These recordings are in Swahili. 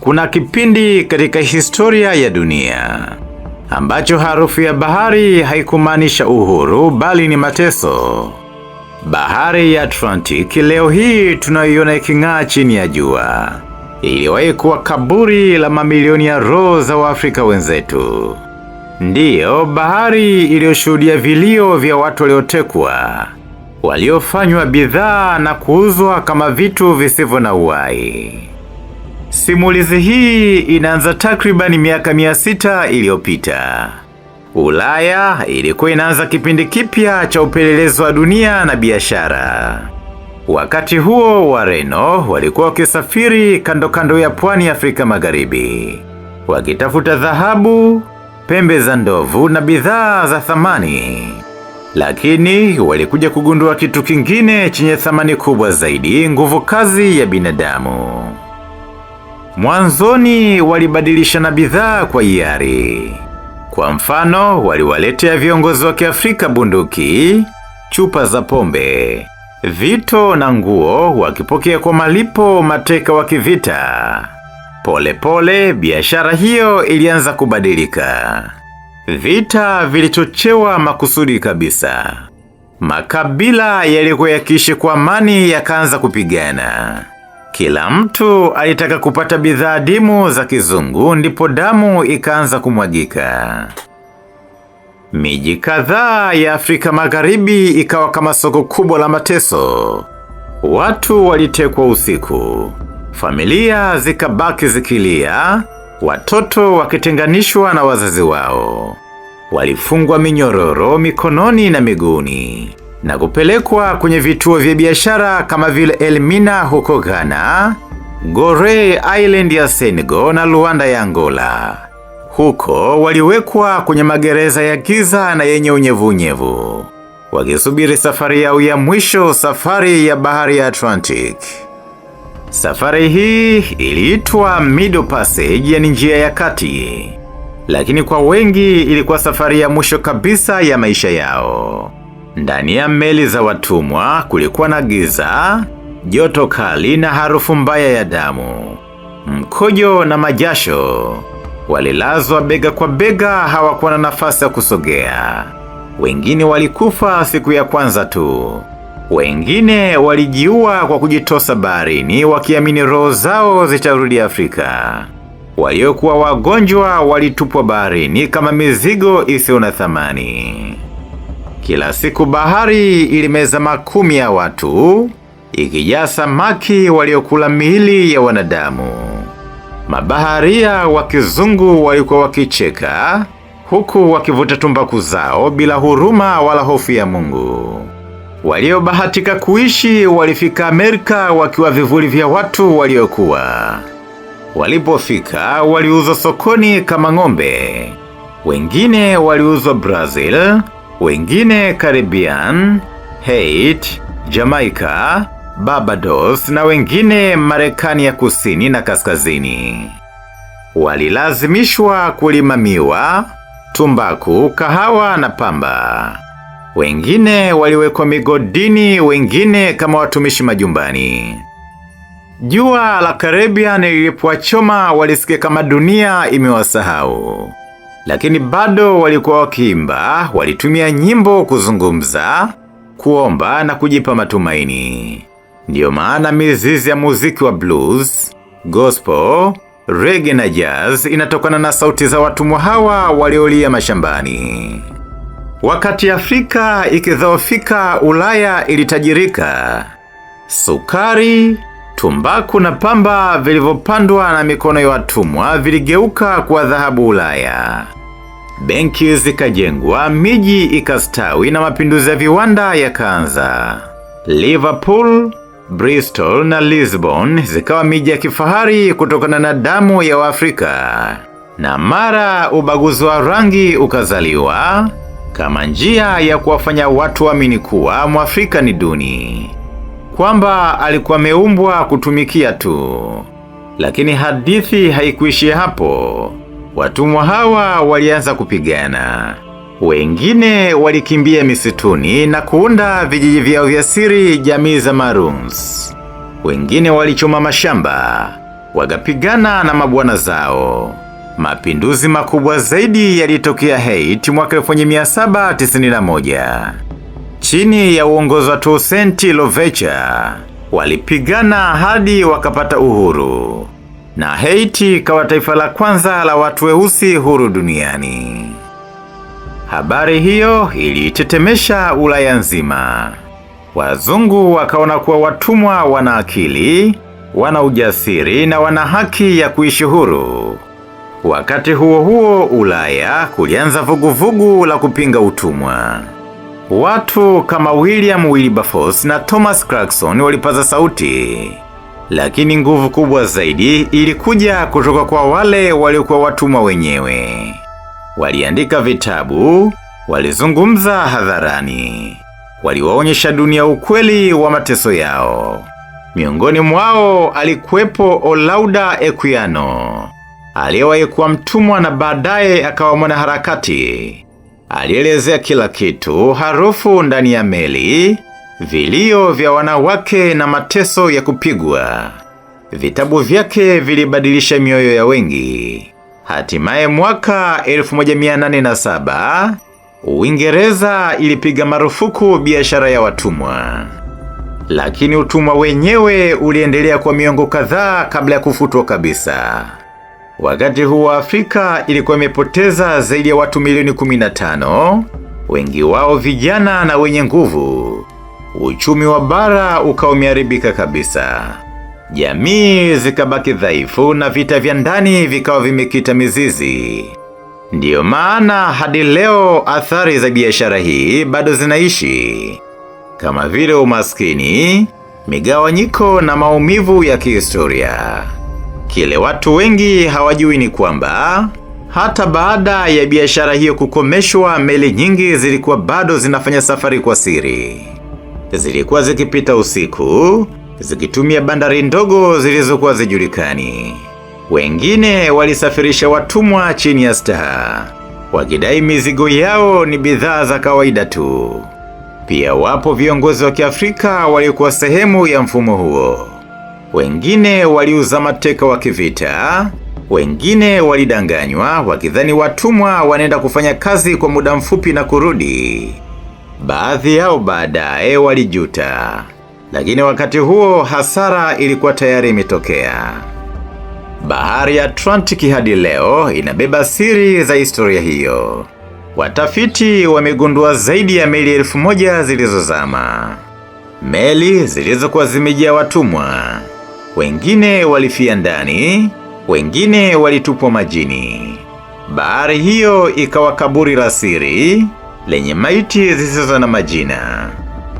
Kuna kipindi katika historia ya dunia ambacho harufu ya bahari haikumaanisha uhuru bali ni mateso. Bahari ya Atlantiki leo hii tunaiona iking'aa chini ya jua iliwahi kuwa kaburi la mamilioni ya roho za Waafrika wenzetu. Ndiyo bahari iliyoshuhudia vilio vya watu waliotekwa, waliofanywa bidhaa na kuuzwa kama vitu visivyo na uhai. Simulizi hii inaanza takribani miaka mia sita iliyopita. Ulaya ilikuwa inaanza kipindi kipya cha upelelezi wa dunia na biashara. Wakati huo Wareno walikuwa wakisafiri kando kando ya pwani ya Afrika Magharibi wakitafuta dhahabu, pembe za ndovu na bidhaa za thamani, lakini walikuja kugundua kitu kingine chenye thamani kubwa zaidi: nguvu kazi ya binadamu. Mwanzoni walibadilishana bidhaa kwa hiari. Kwa mfano, waliwaletea viongozi wa Kiafrika bunduki, chupa za pombe, vito na nguo, wakipokea kwa malipo mateka wa kivita. Polepole biashara hiyo ilianza kubadilika. Vita vilichochewa makusudi kabisa. Makabila yalikuwa yakiishi kwa amani yakaanza kupigana. Kila mtu alitaka kupata bidhaa dimu za kizungu, ndipo damu ikaanza kumwagika. Miji kadhaa ya Afrika Magharibi ikawa kama soko kubwa la mateso. Watu walitekwa usiku, familia zikabaki zikilia, watoto wakitenganishwa na wazazi wao, walifungwa minyororo mikononi na miguuni, na kupelekwa kwenye vituo vya biashara kama vile Elmina huko Ghana, Goree Island ya Senegal na Luanda ya Angola. Huko waliwekwa kwenye magereza ya giza na yenye unyevunyevu wakisubiri safari yao ya mwisho, safari ya bahari ya Atlantic. Safari hii iliitwa Middle Passage, yani njia ya kati, lakini kwa wengi ilikuwa safari ya mwisho kabisa ya maisha yao. Ndani ya meli za watumwa kulikuwa na giza, joto kali na harufu mbaya ya damu, mkojo na majasho. Walilazwa bega kwa bega, hawakuwa na nafasi ya kusogea. Wengine walikufa siku ya kwanza tu, wengine walijiua kwa kujitosa baharini, wakiamini roho zao zitarudi Afrika. Waliokuwa wagonjwa walitupwa baharini kama mizigo isiyo na thamani. Kila siku bahari ilimeza makumi ya watu, ikijaa samaki waliokula miili ya wanadamu. Mabaharia wa kizungu walikuwa wakicheka huku wakivuta tumbaku zao bila huruma wala hofu ya Mungu. Waliobahatika kuishi walifika Amerika wakiwa vivuli vya watu waliokuwa. Walipofika waliuzwa sokoni kama ng'ombe, wengine waliuzwa Brazil wengine Caribbean, Haiti, Jamaica, Barbados na wengine Marekani ya kusini na kaskazini. Walilazimishwa kulima miwa, tumbaku, kahawa na pamba. Wengine waliwekwa migodini, wengine kama watumishi majumbani. Jua la Caribbean lilipowachoma walisikia kama dunia imewasahau lakini bado walikuwa wakiimba, walitumia nyimbo kuzungumza, kuomba na kujipa matumaini. Ndiyo maana mizizi ya muziki wa blues, gospel, reggae na jazz inatokana na sauti za watumwa hawa waliolia mashambani. Wakati Afrika ikidhoofika, Ulaya ilitajirika. Sukari, Tumbaku na pamba vilivyopandwa na mikono ya watumwa viligeuka kuwa dhahabu Ulaya. Benki zikajengwa, miji ikastawi na mapinduzi ya viwanda yakaanza. Liverpool, Bristol na Lisbon zikawa miji ya kifahari kutokana na damu ya Waafrika, na mara ubaguzi wa rangi ukazaliwa kama njia ya kuwafanya watu waamini kuwa Mwafrika ni duni kwamba alikuwa ameumbwa kutumikia tu. Lakini hadithi haikuishia hapo. Watumwa hawa walianza kupigana. Wengine walikimbia misituni na kuunda vijiji vyao vya siri, jamii za Maroons. Wengine walichoma mashamba, wakapigana na mabwana zao. Mapinduzi makubwa zaidi yalitokea Haiti mwaka 1791 chini ya uongozi wa Toussaint Louverture walipigana hadi wakapata uhuru na Haiti kawa taifa la kwanza la watu weusi huru duniani. Habari hiyo ilitetemesha Ulaya nzima. Wazungu wakaona kuwa watumwa wana akili, wana ujasiri na wana haki ya kuishi huru. Wakati huo huo, Ulaya kulianza vuguvugu la kupinga utumwa. Watu kama William Wilberforce na Thomas Clarkson walipaza sauti, lakini nguvu kubwa zaidi ilikuja kutoka kwa wale waliokuwa watumwa wenyewe. Waliandika vitabu, walizungumza hadharani, waliwaonyesha dunia ukweli wa mateso yao. Miongoni mwao alikuwepo Olauda Equiano aliyewahi kuwa mtumwa na baadaye akawa mwanaharakati alielezea kila kitu: harufu ndani ya meli, vilio vya wanawake na mateso ya kupigwa. Vitabu vyake vilibadilisha mioyo ya wengi. Hatimaye mwaka 1807 Uingereza ilipiga marufuku biashara ya watumwa, lakini utumwa wenyewe uliendelea kwa miongo kadhaa kabla ya kufutwa kabisa. Wakati huo Afrika ilikuwa imepoteza zaidi ya watu milioni 15, wengi wao vijana na wenye nguvu. Uchumi wa bara ukawa umeharibika kabisa, jamii zikabaki dhaifu na vita vya ndani vikawa vimekita mizizi. Ndiyo maana hadi leo athari za biashara hii bado zinaishi, kama vile umaskini, migawanyiko na maumivu ya kihistoria. Kile watu wengi hawajui ni kwamba hata baada ya biashara hiyo kukomeshwa, meli nyingi zilikuwa bado zinafanya safari kwa siri. Zilikuwa zikipita usiku, zikitumia bandari ndogo zilizokuwa zijulikani. Wengine walisafirisha watumwa chini ya staha, wakidai mizigo yao ni bidhaa za kawaida tu. Pia wapo viongozi wa Kiafrika waliokuwa sehemu ya mfumo huo. Wengine waliuza mateka wa kivita, wengine walidanganywa wakidhani watumwa wanaenda kufanya kazi kwa muda mfupi na kurudi. Baadhi yao baadaye walijuta, lakini wakati huo hasara ilikuwa tayari imetokea. Bahari ya Atlantiki hadi leo inabeba siri za historia hiyo. Watafiti wamegundua zaidi ya meli elfu moja zilizozama, meli zilizokuwa zimejaa watumwa wengine walifia ndani, wengine walitupwa majini. Bahari hiyo ikawa kaburi la siri lenye maiti zisizo na majina.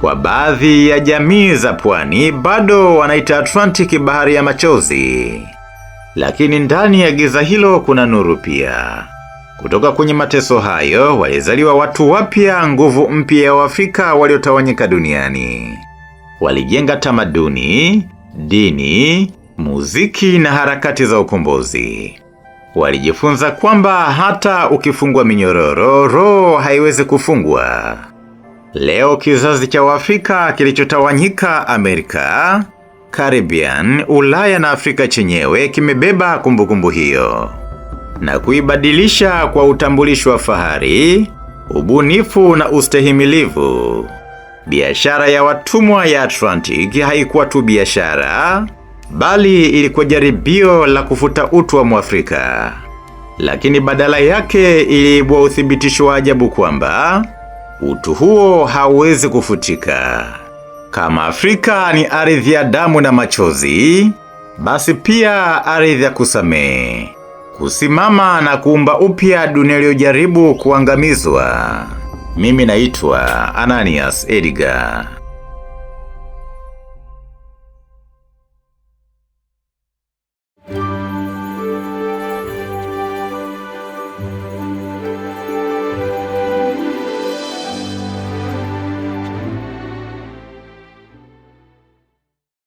Kwa baadhi ya jamii za pwani bado wanaita Atlantic bahari ya machozi, lakini ndani ya giza hilo kuna nuru pia. Kutoka kwenye mateso hayo walizaliwa watu wapya, nguvu mpya ya Waafrika waliotawanyika duniani. Walijenga tamaduni, dini, muziki na harakati za ukombozi. Walijifunza kwamba hata ukifungwa minyororo, roho haiwezi kufungwa. Leo kizazi cha Waafrika kilichotawanyika Amerika, Caribbean, Ulaya na Afrika chenyewe kimebeba kumbukumbu hiyo na kuibadilisha kwa utambulisho wa fahari, ubunifu na ustahimilivu. Biashara ya watumwa ya atlantic haikuwa tu biashara, bali ilikuwa jaribio la kufuta utu wa Mwafrika, lakini badala yake iliibua uthibitisho wa ajabu kwamba utu huo hauwezi kufutika. Kama Afrika ni ardhi ya damu na machozi, basi pia ardhi ya kusamehe, kusimama na kuumba upya dunia iliyojaribu kuangamizwa. Mimi naitwa Ananias Edgar.